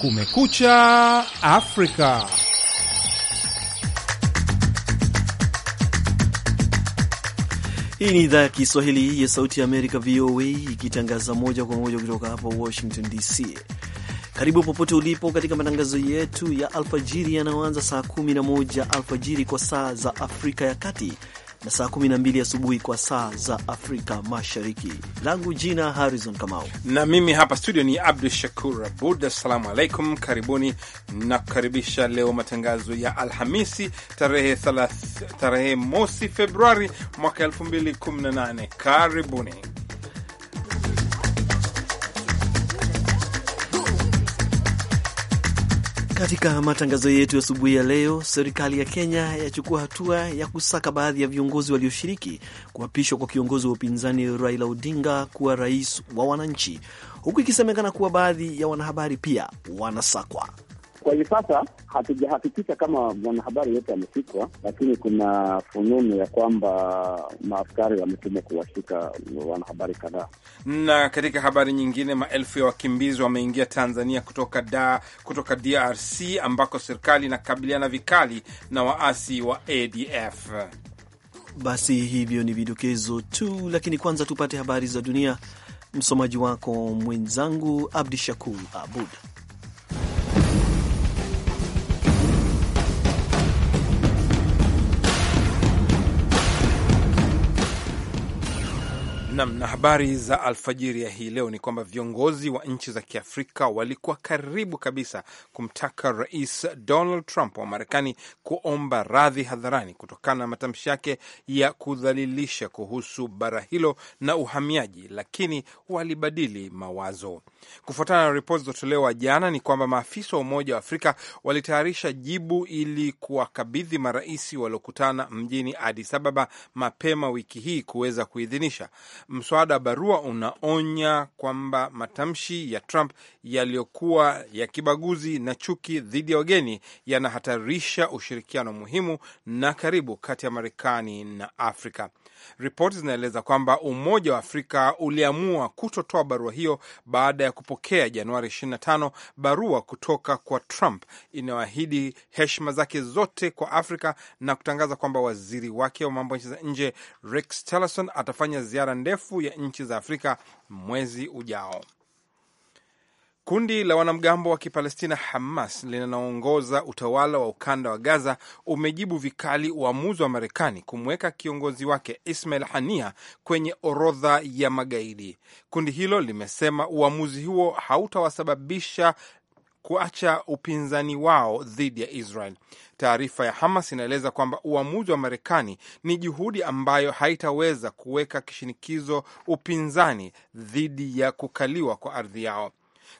Kumekucha Afrika. Hii ni idhaa ya Kiswahili ya Sauti ya Amerika, VOA, ikitangaza moja kwa moja kutoka hapa Washington DC. Karibu popote ulipo katika matangazo yetu ya alfajiri yanayoanza saa 11 alfajiri kwa saa za Afrika ya Kati na saa 12 asubuhi kwa saa za Afrika Mashariki. Langu jina Harrison Kamau, na mimi hapa studio ni Abdu Shakur Abud. Assalamu alaikum, karibuni na kukaribisha leo matangazo ya Alhamisi tarehe, tarehe mosi Februari mwaka 2018. Karibuni. Katika matangazo yetu asubuhi ya leo, serikali ya Kenya yachukua hatua ya kusaka baadhi ya viongozi walioshiriki kuapishwa kwa kiongozi wa upinzani Raila Odinga kuwa rais wa wananchi, huku ikisemekana kuwa baadhi ya wanahabari pia wanasakwa. Kwa hivi sasa hatujahakikisha kama mwanahabari yote amefikwa, lakini kuna fununu ya kwamba maaskari wametumwa kuwashika wanahabari kadhaa. Na katika habari nyingine, maelfu ya wakimbizi wameingia Tanzania kutoka da, kutoka DRC ambako serikali inakabiliana vikali na waasi wa ADF. Basi hivyo ni vidokezo tu, lakini kwanza tupate habari za dunia. Msomaji wako mwenzangu Abdi Shakur Abud. Nam na habari za alfajiri ya hii leo ni kwamba viongozi wa nchi za Kiafrika walikuwa karibu kabisa kumtaka Rais Donald Trump wa Marekani kuomba radhi hadharani kutokana na matamshi yake ya kudhalilisha kuhusu bara hilo na uhamiaji, lakini walibadili mawazo. Kufuatana na ripoti zilizotolewa jana, ni kwamba maafisa wa Umoja wa Afrika walitayarisha jibu ili kuwakabidhi marais waliokutana mjini Addis Ababa mapema wiki hii kuweza kuidhinisha mswada wa barua unaonya kwamba matamshi ya Trump yaliyokuwa ya kibaguzi na chuki dhidi ya wageni yanahatarisha ushirikiano muhimu na karibu kati ya Marekani na Afrika. Ripoti zinaeleza kwamba Umoja wa Afrika uliamua kutotoa barua hiyo baada ya kupokea Januari 25 barua kutoka kwa Trump inayoahidi heshima zake zote kwa Afrika na kutangaza kwamba waziri wake wa mambo ya nchi za nje Rex Tillerson atafanya ziara ndefu ya nchi za Afrika mwezi ujao. Kundi la wanamgambo wa Kipalestina Hamas linaloongoza utawala wa ukanda wa Gaza umejibu vikali uamuzi wa Marekani kumweka kiongozi wake Ismail Hania kwenye orodha ya magaidi. Kundi hilo limesema uamuzi huo hautawasababisha kuacha upinzani wao dhidi ya Israel. Taarifa ya Hamas inaeleza kwamba uamuzi wa Marekani ni juhudi ambayo haitaweza kuweka kishinikizo upinzani dhidi ya kukaliwa kwa ardhi yao.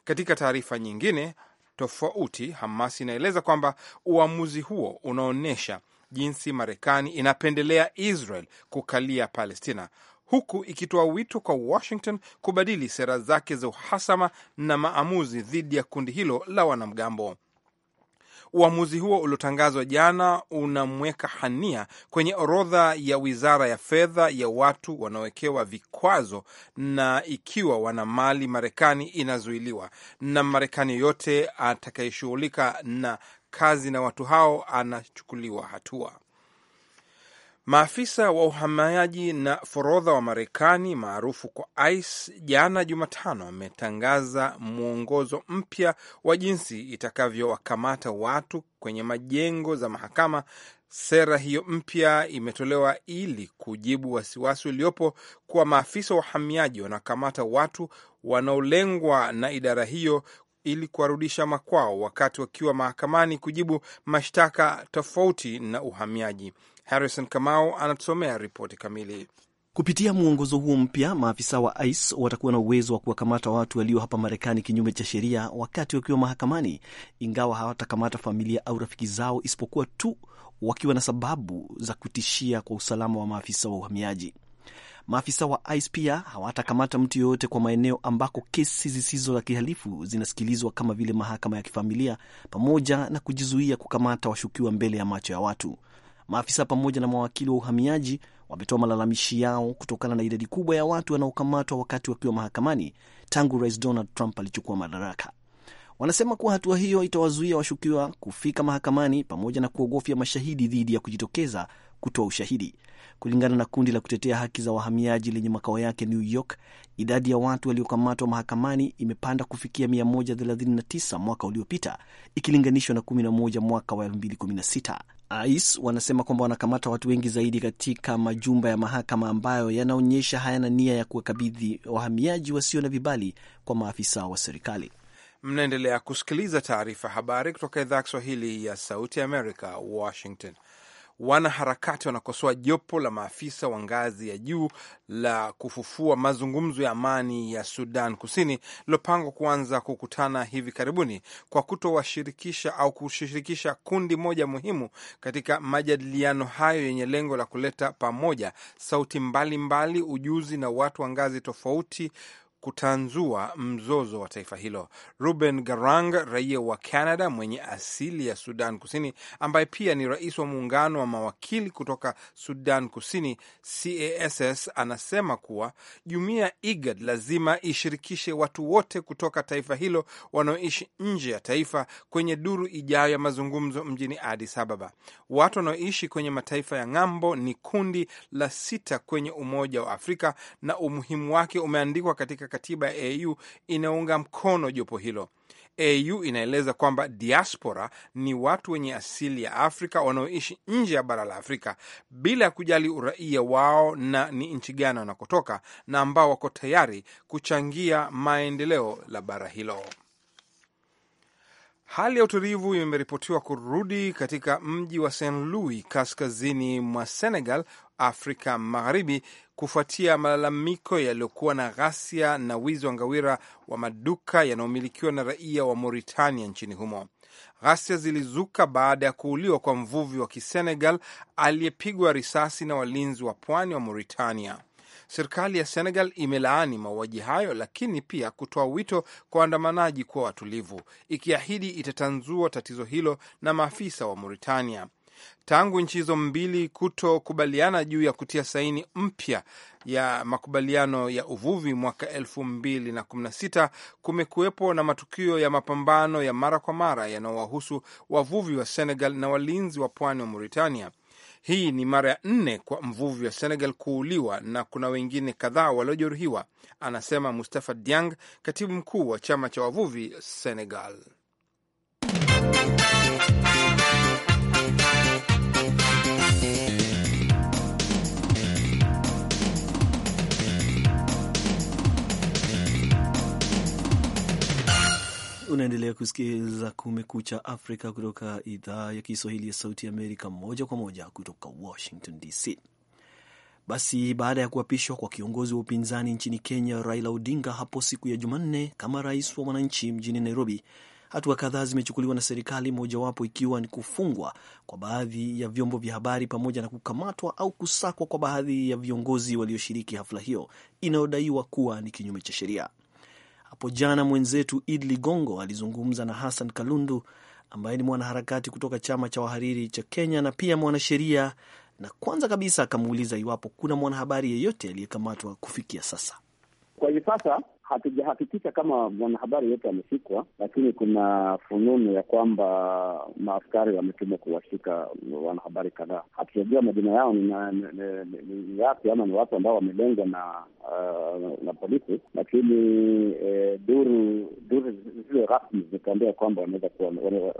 Katika taarifa nyingine tofauti, Hamas inaeleza kwamba uamuzi huo unaonyesha jinsi Marekani inapendelea Israel kukalia Palestina, huku ikitoa wito kwa Washington kubadili sera zake za uhasama na maamuzi dhidi ya kundi hilo la wanamgambo. Uamuzi huo uliotangazwa jana unamweka Hania kwenye orodha ya wizara ya fedha ya watu wanaowekewa vikwazo, na ikiwa wana mali Marekani inazuiliwa, na Marekani yoyote atakayeshughulika na kazi na watu hao anachukuliwa hatua. Maafisa wa uhamiaji na forodha wa Marekani maarufu kwa ICE jana Jumatano wametangaza mwongozo mpya wa jinsi itakavyowakamata watu kwenye majengo za mahakama. Sera hiyo mpya imetolewa ili kujibu wasiwasi uliopo kuwa maafisa wa uhamiaji wanakamata watu wanaolengwa na idara hiyo ili kuwarudisha makwao wakati wakiwa mahakamani kujibu mashtaka tofauti na uhamiaji. Harrison Kamau anatusomea ripoti kamili. Kupitia mwongozo huo mpya, maafisa wa ICE watakuwa na uwezo wa kuwakamata watu walio hapa Marekani kinyume cha sheria wakati wakiwa mahakamani, ingawa hawatakamata familia au rafiki zao, isipokuwa tu wakiwa na sababu za kutishia kwa usalama wa maafisa wa uhamiaji. Maafisa wa ICE pia hawatakamata mtu yoyote kwa maeneo ambako kesi zisizo za kihalifu zinasikilizwa kama vile mahakama ya kifamilia, pamoja na kujizuia kukamata washukiwa mbele ya macho ya watu. Maafisa pamoja na mawakili wa uhamiaji wametoa malalamishi yao kutokana na idadi kubwa ya watu wanaokamatwa wakati wakiwa mahakamani tangu Rais Donald Trump alichukua madaraka. Wanasema kuwa hatua hiyo itawazuia washukiwa kufika mahakamani pamoja na kuogofya mashahidi dhidi ya kujitokeza kutoa ushahidi. Kulingana na kundi la kutetea haki za wahamiaji lenye makao yake New York, idadi ya watu waliokamatwa mahakamani imepanda kufikia 139 mwaka uliopita ikilinganishwa na 11 mwaka wa ICE wanasema kwamba wanakamata watu wengi zaidi katika majumba ya mahakama ambayo yanaonyesha hayana nia ya kuwakabidhi wahamiaji wasio na vibali kwa maafisa wa serikali. Mnaendelea kusikiliza taarifa habari kutoka idhaa ya Kiswahili ya Sauti ya Amerika, Washington. Wanaharakati wanakosoa jopo la maafisa wa ngazi ya juu la kufufua mazungumzo ya amani ya Sudan Kusini lilopangwa kuanza kukutana hivi karibuni kwa kutowashirikisha au kushirikisha kundi moja muhimu katika majadiliano hayo yenye lengo la kuleta pamoja sauti mbalimbali mbali, ujuzi na watu wa ngazi tofauti kutanzua mzozo wa taifa hilo. Ruben Garang, raia wa Canada mwenye asili ya Sudan Kusini, ambaye pia ni rais wa muungano wa mawakili kutoka Sudan Kusini, CASS, anasema kuwa jumuiya IGAD lazima ishirikishe watu wote kutoka taifa hilo wanaoishi nje ya taifa kwenye duru ijayo ya mazungumzo mjini Addis Ababa. Watu wanaoishi kwenye mataifa ya ng'ambo ni kundi la sita kwenye Umoja wa Afrika na umuhimu wake umeandikwa katika katiba ya AU inaunga mkono jopo hilo. AU inaeleza kwamba diaspora ni watu wenye asili ya Afrika wanaoishi nje ya bara la Afrika bila ya kujali uraia wao na ni nchi gani wanakotoka, na ambao wako tayari kuchangia maendeleo la bara hilo. Hali ya utulivu imeripotiwa kurudi katika mji wa st Louis kaskazini mwa Senegal, Afrika Magharibi, kufuatia malalamiko yaliyokuwa na ghasia na wizi wa ngawira wa maduka yanayomilikiwa na raia wa Mauritania nchini humo. Ghasia zilizuka baada ya kuuliwa kwa mvuvi wa Kisenegal aliyepigwa risasi na walinzi wa pwani wa Mauritania. Serikali ya Senegal imelaani mauaji hayo, lakini pia kutoa wito kwa waandamanaji kuwa watulivu, ikiahidi itatanzua tatizo hilo na maafisa wa Mauritania. Tangu nchi hizo mbili kutokubaliana juu ya kutia saini mpya ya makubaliano ya uvuvi mwaka elfu mbili na kumi na sita kumekuwepo na matukio ya mapambano ya mara kwa mara yanaowahusu wavuvi wa Senegal na walinzi wa pwani wa Mauritania hii ni mara ya nne kwa mvuvi wa Senegal kuuliwa na kuna wengine kadhaa waliojeruhiwa, anasema Mustafa Diang, katibu mkuu wa chama cha wavuvi Senegal. Unaendelea kusikiliza Kumekucha Afrika kutoka idhaa ya Kiswahili ya Sauti Amerika, moja kwa moja kutoka Washington DC. Basi baada ya kuapishwa kwa kiongozi wa upinzani nchini Kenya Raila Odinga hapo siku ya Jumanne kama rais wa wananchi mjini Nairobi, hatua kadhaa zimechukuliwa na serikali, mojawapo ikiwa ni kufungwa kwa baadhi ya vyombo vya habari pamoja na kukamatwa au kusakwa kwa baadhi ya viongozi walioshiriki hafla hiyo inayodaiwa kuwa ni kinyume cha sheria. Hapo jana mwenzetu Id Ligongo alizungumza na Hassan Kalundu ambaye ni mwanaharakati kutoka chama cha wahariri cha Kenya na pia mwanasheria, na kwanza kabisa akamuuliza iwapo kuna mwanahabari yeyote aliyekamatwa kufikia sasa. Kwa hivi sasa hatujahakikisha kama mwanahabari yote amefikwa, lakini kuna fununu ya kwamba maaskari wametumwa kuwashika wanahabari kadhaa. Hatujajua majina yao ni yapi ama ni watu ambao wamelengwa na Uh, na polisi, lakini eh, duru duru zile rasmi zikatuambia kwamba wanaweza kuwa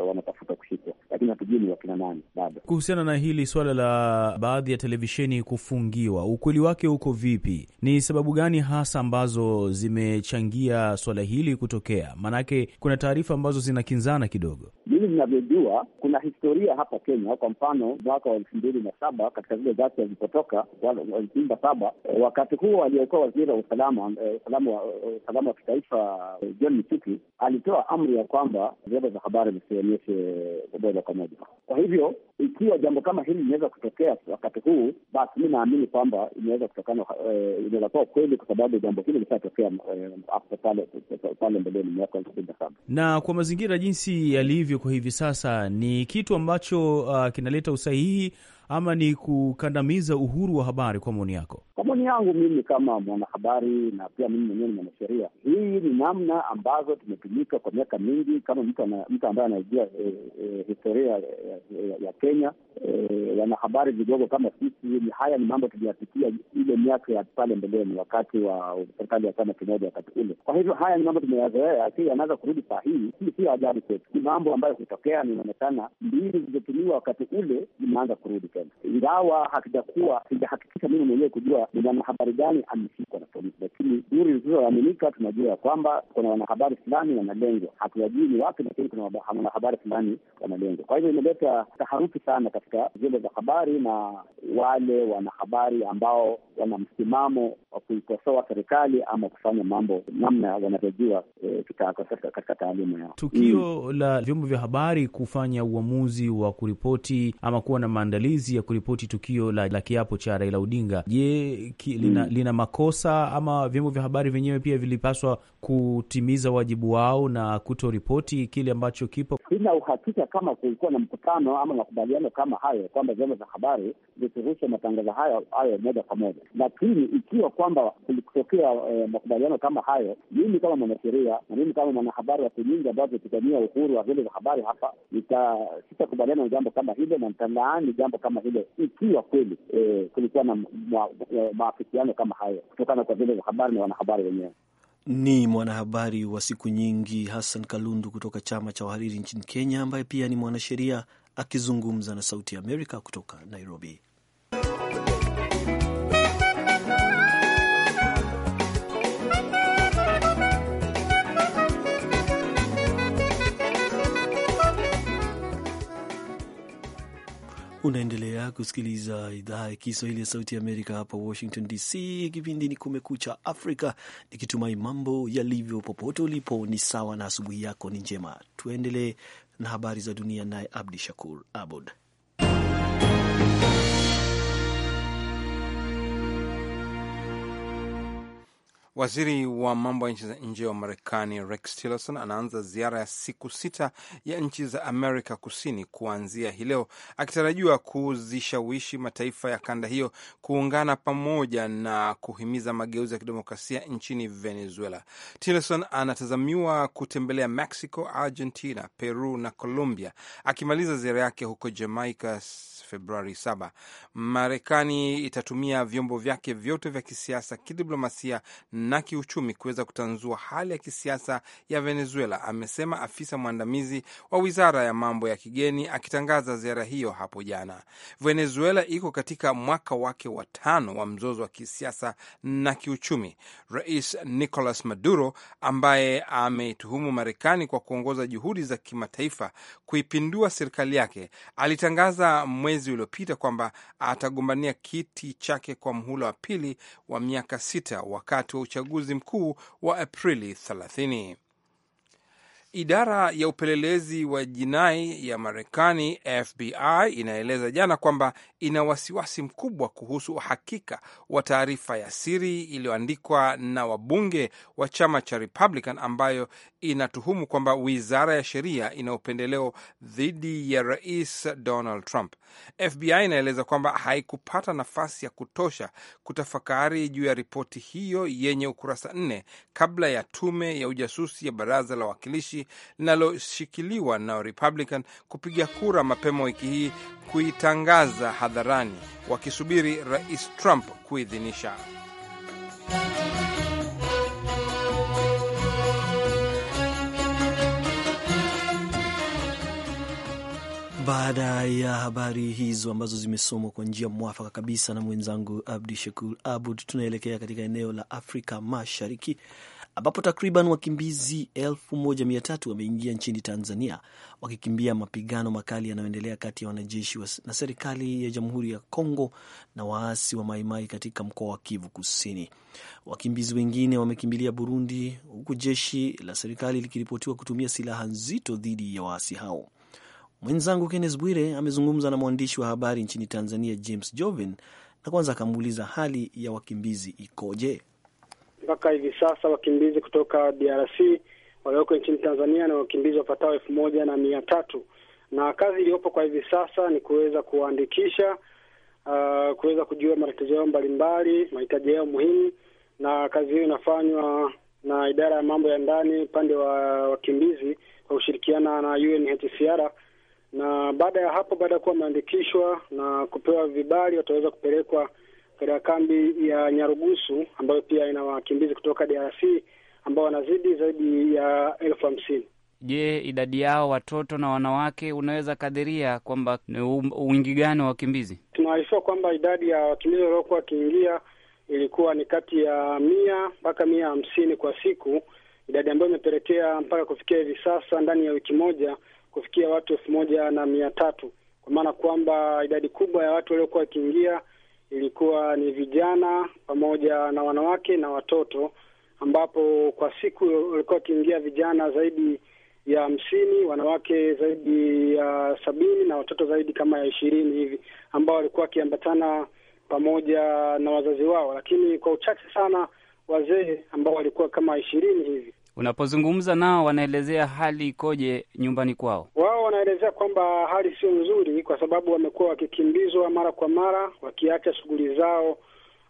wanatafuta kushikwa, lakini hatujui ni wakina nani bado. Kuhusiana na hili swala la baadhi ya televisheni kufungiwa, ukweli wake uko vipi? Ni sababu gani hasa ambazo zimechangia swala hili kutokea? Maanake kuna taarifa ambazo zinakinzana kidogo. Mimi zinavyojua kuna historia hapa Kenya. Kwa mfano mwaka wa elfu mbili na saba katika zile ghasia zilipotoka walipinga saba, wakati huo waliokuwa waziri wa usalama eh, eh, usalama wa kitaifa eh, John Msiki alitoa amri ya kwamba vyombo vya habari visionyeshe moja kwa moja. Kwa hivyo ikiwa jambo kama hili linaweza kutokea wakati huu, basi mi naamini kwamba inaweza kutokana, inaweza kuwa kweli, kwa sababu jambo hili lishatokea pale mbeleni miaka elfu mbili na saba, na kwa mazingira jinsi yalivyo kwa hivi sasa ni kitu ambacho uh, kinaleta usahihi ama ni kukandamiza uhuru wa habari? Kwa maoni yako? Kwa maoni yangu mimi kama mwanahabari na pia mimi mwenyewe ni mwanasheria, hii ni namna ambazo tumetumika kwa miaka mingi. Kama mtu ambaye anajua e, eh, e, eh, historia ya, ya, ya Kenya, eh, wanahabari vidogo kama sisi, haya ni mambo tuliyapitia ile miaka ya pale mbeleni, wakati wa serikali ya chama kimoja wakati ule. Kwa hivyo haya ni mambo tumeyazoea, si yanaweza kurudi saa hii, hii sio ajabu kwetu. Ni mambo ambayo hutokea, inaonekana mbili zilizotumiwa wakati ule zimeanza kurudi. African, ingawa hakijakuwa sijahakikisha mimi mwenyewe kujua ni mwanahabari gani ameshikwa na polisi, lakini duru zilizoaminika tunajua ya kwamba kuna wanahabari fulani wanalengwa, hatuwajui ni wapi, lakini kuna wanahabari fulani wanalengwa. Kwa hivyo imeleta taharuki sana katika vyombo vya habari na wale wanahabari ambao wana msimamo wa kuikosoa serikali ama kufanya mambo namna wanavyojua e, katika taaluma yao. Tukio mm, la vyombo vya habari kufanya uamuzi wa kuripoti ama kuwa na maandalizi ya kuripoti tukio la, la kiapo cha Raila Odinga, je, lina, mm. lina makosa ama vyombo vya habari vyenyewe pia vilipaswa kutimiza wajibu wao na kutoripoti kile ambacho kipo? Sina uhakika kama kulikuwa na mkutano ama makubaliano kama hayo kwamba vyombo vya habari vifurushe matangazo hayo hayo moja kwa moja, lakini ikiwa kwamba kulikutokea eh, makubaliano kama hayo, mimi kama mwanasheria na mimi kama mwanahabari wa nyingi ambazo tutania uhuru wa vyombo vya habari hapa, sitakubaliana na jambo kama hilo na nitalaani jambo kama kama hilo, ikiwa kweli e, kulikuwa na e, maafikiano kama hayo, kutokana kwa vile vya habari na wanahabari wenyewe. Ni mwanahabari wa siku nyingi Hassan Kalundu kutoka chama cha wahariri nchini Kenya, ambaye pia ni mwanasheria akizungumza na Sauti ya Amerika kutoka Nairobi. Unaendelea kusikiliza idhaa ya Kiswahili ya Sauti ya Amerika hapa Washington DC. Kipindi ni Kumekucha Afrika, nikitumai mambo yalivyo popote ulipo ni sawa na asubuhi yako ni njema. Tuendelee na habari za dunia, naye Abdi Shakur Abud. Waziri wa mambo ya nchi za nje wa Marekani Rex Tillerson anaanza ziara ya siku sita ya nchi za Amerika Kusini kuanzia hii leo, akitarajiwa kuzishawishi mataifa ya kanda hiyo kuungana pamoja na kuhimiza mageuzi ya kidemokrasia nchini Venezuela. Tillerson anatazamiwa kutembelea Mexico, Argentina, Peru na Colombia, akimaliza ziara yake huko Jamaica Februari 7. Marekani itatumia vyombo vyake vyote vya kisiasa, kidiplomasia na kiuchumi kuweza kutanzua hali ya kisiasa ya Venezuela, amesema afisa mwandamizi wa wizara ya mambo ya kigeni akitangaza ziara hiyo hapo jana. Venezuela iko katika mwaka wake wa tano wa mzozo wa kisiasa na kiuchumi. Rais Nicolas Maduro ambaye ameituhumu Marekani kwa kuongoza juhudi za kimataifa kuipindua serikali yake alitangaza mwezi uliopita kwamba atagombania kiti chake kwa mhula wa pili wa miaka sita wakati wa uchaguzi mkuu wa Aprili 30. Idara ya upelelezi wa jinai ya Marekani, FBI, inaeleza jana kwamba ina wasiwasi mkubwa kuhusu uhakika wa taarifa ya siri iliyoandikwa na wabunge wa chama cha Republican ambayo inatuhumu kwamba wizara ya sheria ina upendeleo dhidi ya rais Donald Trump. FBI inaeleza kwamba haikupata nafasi ya kutosha kutafakari juu ya ripoti hiyo yenye ukurasa nne kabla ya tume ya ujasusi ya baraza la wawakilishi linaloshikiliwa na Republican kupiga kura mapema wiki hii kuitangaza hadharani, wakisubiri rais Trump kuidhinisha. Baada ya habari hizo ambazo zimesomwa kwa njia mwafaka kabisa na mwenzangu abdi Shakur Abud, tunaelekea katika eneo la Afrika Mashariki ambapo takriban wakimbizi tatu wameingia nchini Tanzania wakikimbia mapigano makali yanayoendelea kati ya wanajeshi na serikali ya Jamhuri ya Kongo na waasi wa Maimai katika mkoa wa Kivu Kusini. Wakimbizi wengine wamekimbilia Burundi, huku jeshi la serikali likiripotiwa kutumia silaha nzito dhidi ya waasi hao. Mwenzangu Kennes Bwire amezungumza na mwandishi wa habari nchini Tanzania James Joven, na kwanza akamuuliza hali ya wakimbizi ikoje mpaka hivi sasa. Wakimbizi kutoka DRC walioko nchini Tanzania na wakimbizi wapatao elfu moja na mia tatu na kazi iliyopo kwa hivi sasa ni kuweza kuwaandikisha, uh, kuweza kujua matatizo yao mbalimbali, mahitaji yao muhimu, na kazi hiyo inafanywa na idara ya mambo ya ndani upande wa wakimbizi kwa kushirikiana na UNHCR na baada ya hapo, baada ya kuwa wameandikishwa na kupewa vibali, wataweza kupelekwa katika kambi ya Nyarugusu ambayo pia ina wakimbizi kutoka DRC ambao wanazidi zaidi ya elfu hamsini. Je, idadi yao watoto na wanawake unaweza kadhiria kwamba ni wingi gani wa wakimbizi? Tunaarifiwa kwamba idadi ya wakimbizi waliokuwa wakiingia ilikuwa ni kati ya mia mpaka mia hamsini kwa siku, idadi ambayo imepelekea mpaka kufikia hivi sasa ndani ya wiki moja kufikia watu elfu moja na mia tatu kwa maana kwamba idadi kubwa ya watu waliokuwa wakiingia ilikuwa ni vijana pamoja na wanawake na watoto, ambapo kwa siku walikuwa wakiingia vijana zaidi ya hamsini, wanawake zaidi ya sabini na watoto zaidi kama ya ishirini hivi ambao walikuwa wakiambatana pamoja na wazazi wao, lakini kwa uchache sana wazee ambao walikuwa kama ishirini hivi. Unapozungumza nao wanaelezea hali ikoje nyumbani kwao? Wao wanaelezea kwamba hali sio nzuri, kwa sababu wamekuwa wakikimbizwa mara kwa mara, wakiacha shughuli zao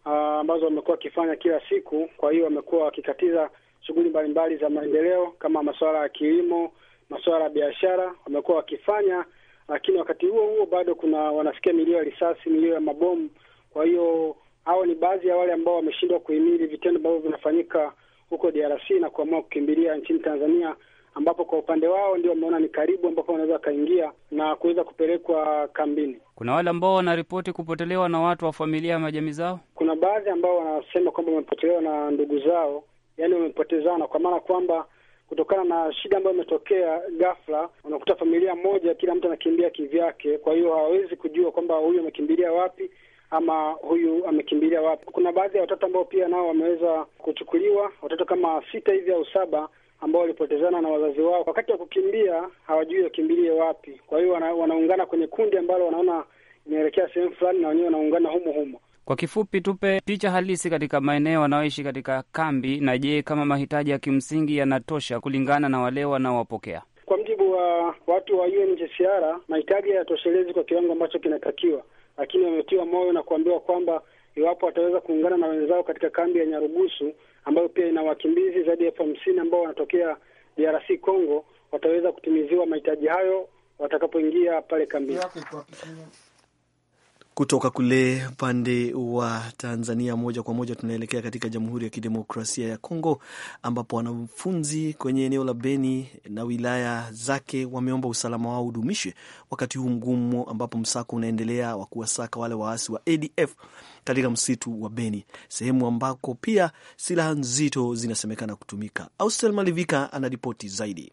ah, ambazo wamekuwa wakifanya kila siku. Kwa hiyo wamekuwa wakikatiza shughuli mbalimbali za maendeleo kama masuala ya kilimo, masuala ya biashara wamekuwa wakifanya, lakini wakati huo huo bado kuna wanasikia milio ya risasi, milio ya mabomu. Kwa hiyo hao ni baadhi ya wale ambao wameshindwa kuhimili vitendo ambavyo vinafanyika huko DRC na kuamua kukimbilia nchini Tanzania ambapo kwa upande wao ndio wameona ni karibu ambapo wanaweza wakaingia na kuweza kupelekwa kambini. Kuna wale ambao wanaripoti kupotelewa na watu wa familia ya majamii zao. Kuna baadhi ambao wanasema kwamba wamepotelewa na ndugu zao, yaani wamepotezana, kwa maana kwamba kutokana na shida ambayo imetokea ghafla, unakuta familia moja, kila mtu anakimbia kivyake. Kwa hiyo hawawezi kujua kwamba huyu amekimbilia wapi ama huyu amekimbilia wapi. Kuna baadhi ya watoto ambao pia nao wameweza kuchukuliwa, watoto kama sita hivi au saba ambao walipotezana na wazazi wao wakati wa kukimbia, hawajui wakimbilie wapi. Kwa hiyo wana, wanaungana kwenye kundi ambalo wanaona inaelekea sehemu fulani, na wenyewe wanaungana humo humo. Kwa kifupi, tupe picha halisi katika maeneo wanaoishi katika kambi, na je, kama mahitaji ya kimsingi yanatosha kulingana na wale wanaowapokea? Kwa mjibu wa watu wa UNHCR, mahitaji hayatoshelezi kwa kiwango ambacho kinatakiwa lakini wametiwa moyo na kuambiwa kwamba iwapo wataweza kuungana na wenzao katika kambi ya Nyarugusu ambayo pia ina wakimbizi zaidi ya elfu hamsini ambao wanatokea DRC Congo, wataweza kutimiziwa mahitaji hayo watakapoingia pale kambini. Kutoka kule upande wa Tanzania moja kwa moja tunaelekea katika Jamhuri ya Kidemokrasia ya Kongo, ambapo wanafunzi kwenye eneo la Beni na wilaya zake wameomba usalama wao udumishwe wakati huu mgumu, ambapo msako unaendelea wa kuwasaka wale waasi wa ADF katika msitu wa Beni, sehemu ambako pia silaha nzito zinasemekana kutumika. Austel Malivika anaripoti zaidi.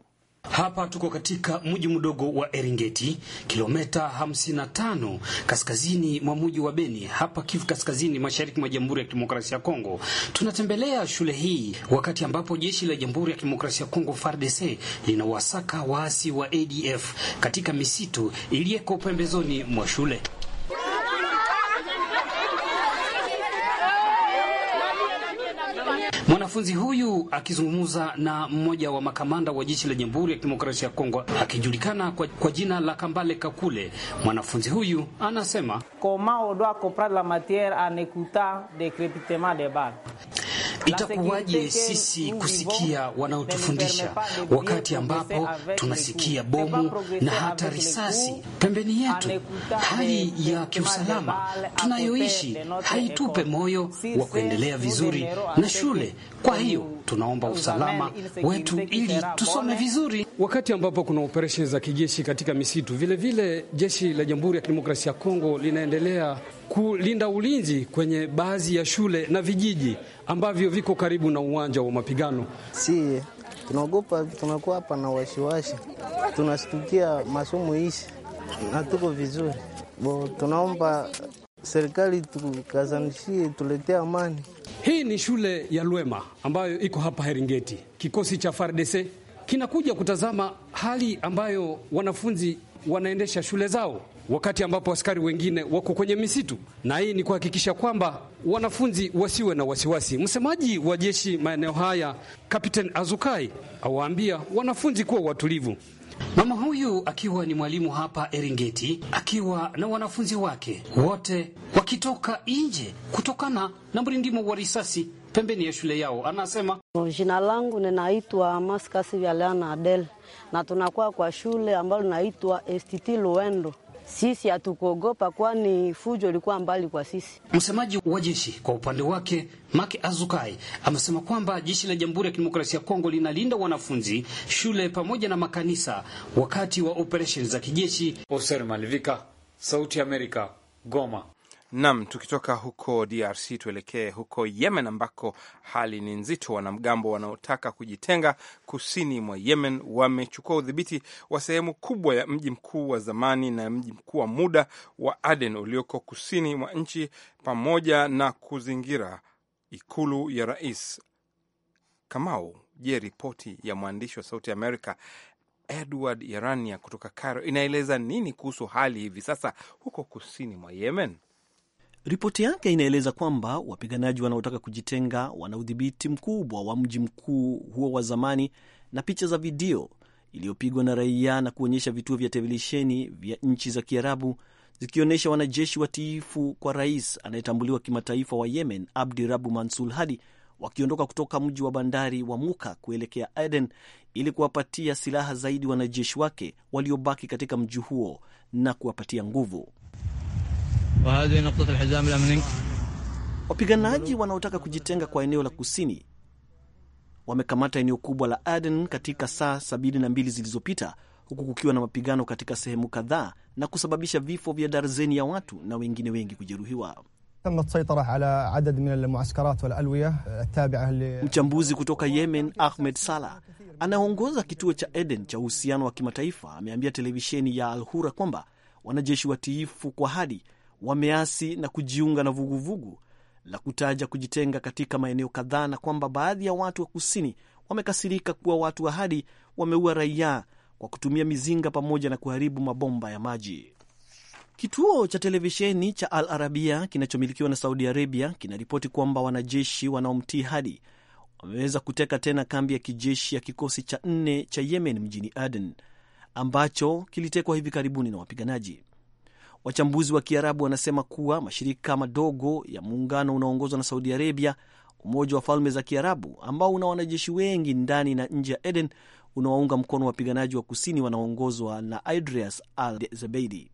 Hapa tuko katika mji mdogo wa Eringeti, kilomita 55 kaskazini mwa mji wa Beni, hapa Kivu Kaskazini, mashariki mwa Jamhuri ya Kidemokrasia ya Kongo. Tunatembelea shule hii wakati ambapo jeshi la Jamhuri ya Kidemokrasia ya Kongo FARDC linawasaka waasi wa ADF katika misitu iliyoko pembezoni mwa shule. Mwanafunzi huyu akizungumza na mmoja wa makamanda wa jeshi la Jamhuri ya Kidemokrasia ya Kongo akijulikana kwa, kwa jina la Kambale Kakule, mwanafunzi huyu anasema comment on doit comprendre la matiere en écoutant des balles Itakuwaje sisi kusikia wanaotufundisha wakati ambapo tunasikia bomu na hata risasi pembeni yetu? Hali ya kiusalama tunayoishi haitupe moyo wa kuendelea vizuri na shule. Kwa hiyo tunaomba usalama wetu ili tusome vizuri. Wakati ambapo kuna operesheni za kijeshi katika misitu, vilevile vile jeshi la Jamhuri ya Kidemokrasia ya Kongo linaendelea kulinda ulinzi kwenye baadhi ya shule na vijiji ambavyo viko karibu na uwanja wa mapigano. Si tunaogopa, tunakuwa hapa na wasiwasi, tunashtukia masomo hishi na tuko vizuri bo, tunaomba serikali tukazanishie, tuletee amani. Hii ni shule ya Lwema ambayo iko hapa Heringeti. Kikosi cha FARDC kinakuja kutazama hali ambayo wanafunzi wanaendesha shule zao wakati ambapo askari wengine wako kwenye misitu, na hii ni kuhakikisha kwamba wanafunzi wasiwe na wasiwasi. Msemaji wa jeshi maeneo haya Kapteni Azukai awaambia wanafunzi kuwa watulivu. Mama huyu akiwa ni mwalimu hapa Eringeti, akiwa na wanafunzi wake wote wakitoka nje kutokana na mrindimo wa risasi pembeni ya shule yao. Anasema, jina langu ninaitwa Maskasi Vyaleana Adel na tunakuwa kwa shule ambalo linaitwa Estiti Luendo. Sisi hatukuogopa kwani fujo ilikuwa mbali kwa sisi. Msemaji wa jeshi kwa upande wake Maki Azukai amesema kwamba jeshi la Jamhuri ya Kidemokrasia ya Kongo linalinda wanafunzi, shule pamoja na makanisa wakati wa operesheni za kijeshi. Oser Malivika, Sauti ya Amerika, Goma. Nam, tukitoka huko DRC tuelekee huko Yemen ambako hali ni nzito. Wanamgambo wanaotaka kujitenga kusini mwa Yemen wamechukua udhibiti wa sehemu kubwa ya mji mkuu wa zamani na mji mkuu wa muda wa Aden ulioko kusini mwa nchi pamoja na kuzingira ikulu ya rais Kamau. Je, ripoti ya mwandishi wa Sauti america Amerika Edward Yerania kutoka Cairo inaeleza nini kuhusu hali hivi sasa huko kusini mwa Yemen? Ripoti yake inaeleza kwamba wapiganaji wanaotaka kujitenga wana udhibiti mkubwa wa mji mkuu huo wa zamani, na picha za video iliyopigwa na raia na kuonyesha vituo vya televisheni vya nchi za Kiarabu zikionyesha wanajeshi watiifu kwa rais anayetambuliwa kimataifa wa Yemen Abdi Rabu Mansur Hadi wakiondoka kutoka mji wa bandari wa Muka kuelekea Aden ili kuwapatia silaha zaidi wanajeshi wake waliobaki katika mji huo na kuwapatia nguvu. Wapiganaji wanaotaka kujitenga kwa eneo la kusini wamekamata eneo kubwa la Aden katika saa 72 zilizopita huku kukiwa na mapigano katika sehemu kadhaa na kusababisha vifo vya darzeni ya watu na wengine wengi kujeruhiwa. Mchambuzi kutoka Yemen Ahmed Salah anaongoza kituo cha Eden cha uhusiano wa kimataifa ameambia televisheni ya Al Hura kwamba wanajeshi watiifu kwa hadi wameasi na kujiunga na vuguvugu vugu la kutaja kujitenga katika maeneo kadhaa, na kwamba baadhi ya watu wa kusini wamekasirika kuwa watu wa hadi wameua raia kwa kutumia mizinga pamoja na kuharibu mabomba ya maji. Kituo cha televisheni cha Al Arabia kinachomilikiwa na Saudi Arabia kinaripoti kwamba wanajeshi wanaomtii Hadi wameweza kuteka tena kambi ya kijeshi ya kikosi cha nne cha Yemen mjini Aden ambacho kilitekwa hivi karibuni na wapiganaji. Wachambuzi wa Kiarabu wanasema kuwa mashirika madogo ya muungano unaoongozwa na Saudi Arabia, Umoja wa Falme za Kiarabu, ambao una wanajeshi wengi ndani na nje ya Eden, unawaunga mkono wapiganaji wa kusini wanaoongozwa na Idris al Zebeidi.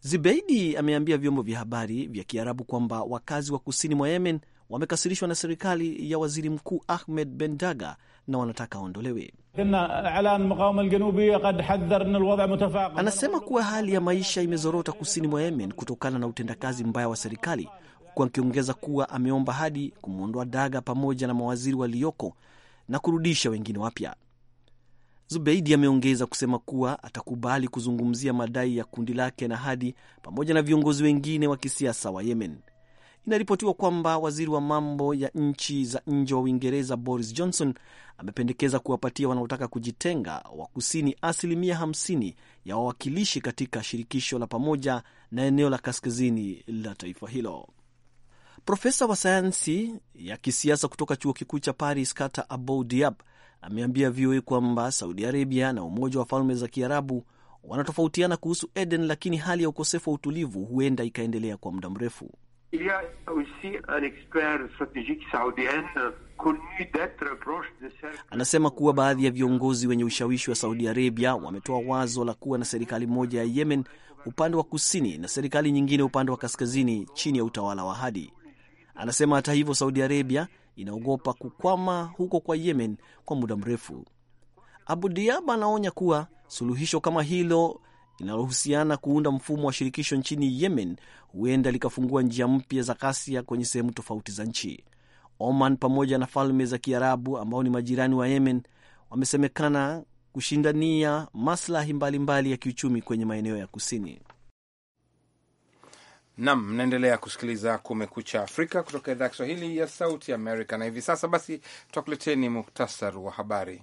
Zibeidi ameambia vyombo vya habari vya Kiarabu kwamba wakazi wa kusini mwa Yemen wamekasirishwa na serikali ya waziri mkuu Ahmed Ben Daga na wanataka aondolewe. Anasema kuwa hali ya maisha imezorota kusini mwa Yemen kutokana na utendakazi mbaya wa serikali, huku akiongeza kuwa ameomba hadi kumwondoa Daga pamoja na mawaziri walioko na kurudisha wengine wapya. Zubeidi ameongeza kusema kuwa atakubali kuzungumzia madai ya kundi lake na Hadi pamoja na viongozi wengine wa kisiasa wa Yemen. Inaripotiwa kwamba waziri wa mambo ya nchi za nje wa Uingereza Boris Johnson amependekeza kuwapatia wanaotaka kujitenga wa kusini asilimia 50 ya wawakilishi katika shirikisho la pamoja na eneo la kaskazini la taifa hilo. Profesa wa sayansi ya kisiasa kutoka chuo kikuu cha Paris kata Abou Diab ameambia VOA kwamba Saudi Arabia na Umoja wa Falme za Kiarabu wanatofautiana kuhusu Eden, lakini hali ya ukosefu wa utulivu huenda ikaendelea kwa muda mrefu. Il y a aussi un expert stratégique saoudien Anasema kuwa baadhi ya viongozi wenye ushawishi wa Saudi Arabia wametoa wazo la kuwa na serikali moja ya Yemen upande wa kusini na serikali nyingine upande wa kaskazini chini ya utawala wa Hadi. Anasema hata hivyo, Saudi Arabia inaogopa kukwama huko kwa Yemen kwa muda mrefu. Abu diab anaonya kuwa suluhisho kama hilo linalohusiana kuunda mfumo wa shirikisho nchini Yemen huenda likafungua njia mpya za ghasia kwenye sehemu tofauti za nchi. Oman pamoja na Falme za Kiarabu ambao ni majirani wa Yemen wamesemekana kushindania maslahi mbalimbali ya kiuchumi kwenye maeneo ya kusini. Nam, mnaendelea kusikiliza Kumekucha Afrika kutoka idhaa ya Kiswahili ya Sauti Amerika, na hivi sasa basi twakuleteni muktasar wa habari.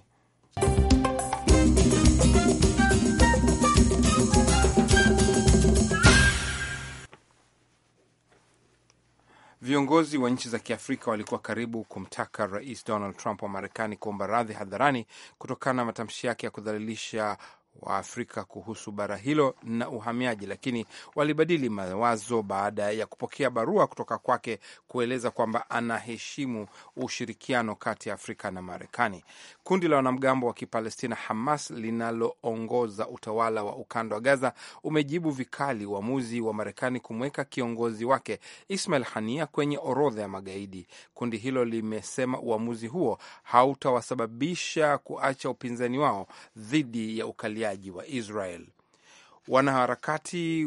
Viongozi wa nchi za Kiafrika walikuwa karibu kumtaka Rais Donald Trump wa Marekani kuomba radhi hadharani kutokana na matamshi yake ya kudhalilisha wa Afrika kuhusu bara hilo na uhamiaji, lakini walibadili mawazo baada ya kupokea barua kutoka kwake kueleza kwamba anaheshimu ushirikiano kati ya Afrika na Marekani. Kundi la wanamgambo wa Kipalestina Hamas linaloongoza utawala wa ukanda wa Gaza umejibu vikali uamuzi wa, wa Marekani kumweka kiongozi wake Ismail Hania kwenye orodha ya magaidi. Kundi hilo limesema uamuzi huo hautawasababisha kuacha upinzani wao dhidi ya ukali uingiliaji wa Israel. Wanaharakati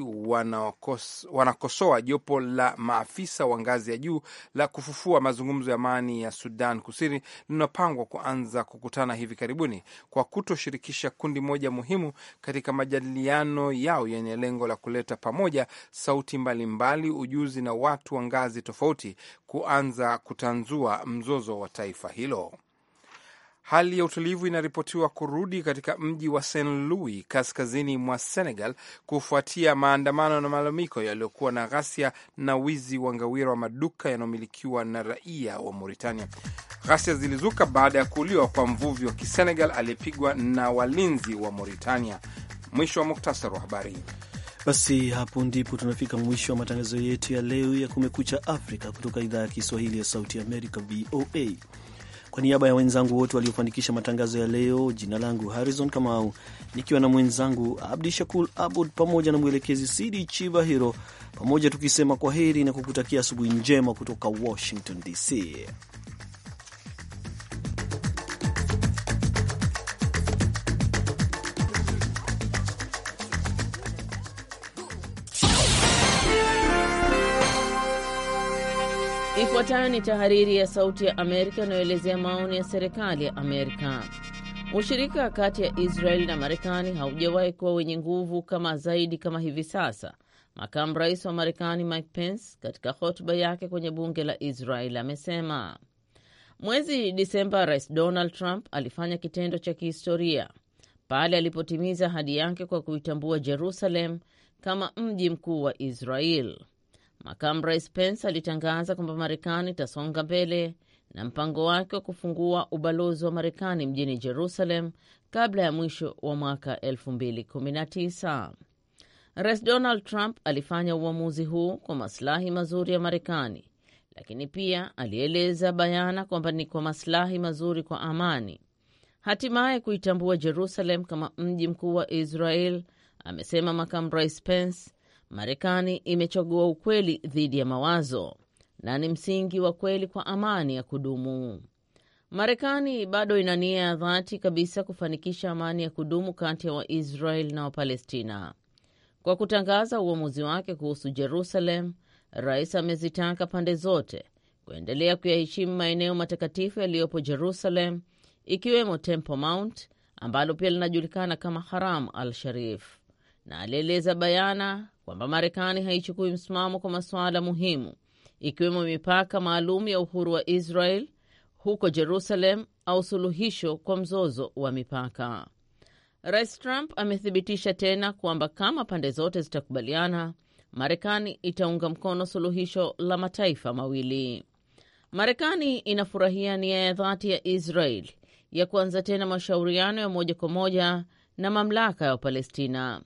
wanakosoa jopo la maafisa wa ngazi ya juu la kufufua mazungumzo ya amani ya Sudan Kusini linalopangwa kuanza kukutana hivi karibuni kwa kutoshirikisha kundi moja muhimu katika majadiliano yao yenye lengo la kuleta pamoja sauti mbalimbali, ujuzi na watu wa ngazi tofauti kuanza kutanzua mzozo wa taifa hilo. Hali ya utulivu inaripotiwa kurudi katika mji wa St Louis kaskazini mwa Senegal kufuatia maandamano na malalamiko yaliyokuwa na ghasia na wizi wa ngawira wa maduka yanayomilikiwa na raia wa Mauritania. Ghasia zilizuka baada ya kuuliwa kwa mvuvi wa Kisenegal aliyepigwa na walinzi wa Mauritania. Mwisho wa muktasari wa habari. Basi hapo ndipo tunafika mwisho wa matangazo yetu ya leo ya Kumekucha Afrika kutoka idhaa ya Kiswahili ya Sauti Amerika, VOA. Kwa niaba ya wenzangu wote waliofanikisha matangazo ya leo, jina langu Harrison Kamau, nikiwa na mwenzangu Abdi Shakur Abud pamoja na mwelekezi Sidi Chiva Hiro, pamoja tukisema kwa heri na kukutakia asubuhi njema kutoka Washington DC. Ifuatayo ni tahariri ya Sauti ya Amerika inayoelezea maoni ya serikali ya Amerika. Ushirika kati ya israel na Marekani haujawahi kuwa wenye nguvu kama zaidi kama hivi sasa, makamu rais wa Marekani Mike Pence katika hotuba yake kwenye bunge la israel amesema. Mwezi Disemba, Rais Donald Trump alifanya kitendo cha kihistoria pale alipotimiza ahadi yake kwa kuitambua Jerusalem kama mji mkuu wa Israel. Makamu Rais Pence alitangaza kwamba Marekani itasonga mbele na mpango wake wa kufungua ubalozi wa Marekani mjini Jerusalem kabla ya mwisho wa mwaka 2019. Rais Donald Trump alifanya uamuzi huu kwa masilahi mazuri ya Marekani, lakini pia alieleza bayana kwamba ni kwa masilahi mazuri kwa amani. Hatimaye kuitambua Jerusalem kama mji mkuu wa Israel, amesema Makamu Rais Pence Marekani imechagua ukweli dhidi ya mawazo na ni msingi wa kweli kwa amani ya kudumu. Marekani bado ina nia ya dhati kabisa kufanikisha amani ya kudumu kati ya Waisrael na Wapalestina. Kwa kutangaza uamuzi wake kuhusu Jerusalem, rais amezitaka pande zote kuendelea kuyaheshimu maeneo matakatifu yaliyopo Jerusalem, ikiwemo Temple Mount ambalo pia linajulikana kama Haram al Sharif, na alieleza bayana kwamba Marekani haichukui msimamo kwa masuala muhimu ikiwemo mipaka maalum ya uhuru wa Israel huko Jerusalem au suluhisho kwa mzozo wa mipaka. Rais Trump amethibitisha tena kwamba kama pande zote zitakubaliana, Marekani itaunga mkono suluhisho la mataifa mawili. Marekani inafurahia nia ya dhati ya Israel ya kuanza tena mashauriano ya moja kwa moja na mamlaka ya Palestina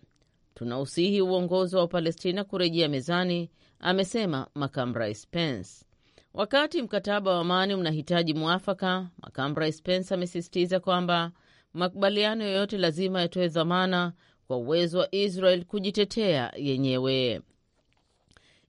tunausihi uongozi wa Palestina kurejea mezani, amesema makamu rais Pence. Wakati mkataba wa amani unahitaji mwafaka, makamu rais Pence amesisitiza kwamba makubaliano yoyote lazima yatoe dhamana kwa uwezo wa Israel kujitetea yenyewe.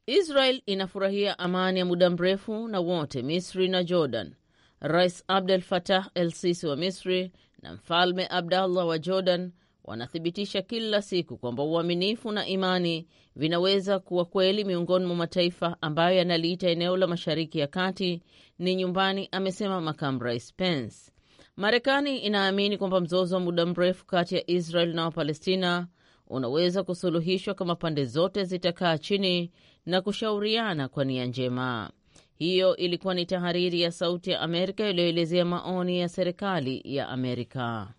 Israel inafurahia amani ya muda mrefu na wote Misri na Jordan. Rais Abdel Fattah el Sisi wa Misri na mfalme Abdallah wa Jordan wanathibitisha kila siku kwamba uaminifu na imani vinaweza kuwa kweli miongoni mwa mataifa ambayo yanaliita eneo la Mashariki ya Kati ni nyumbani, amesema makamu rais Pence. Marekani inaamini kwamba mzozo wa muda mrefu kati ya Israel na Wapalestina unaweza kusuluhishwa kama pande zote zitakaa chini na kushauriana kwa nia njema. Hiyo ilikuwa ni tahariri ya Sauti ya Amerika iliyoelezea maoni ya serikali ya Amerika.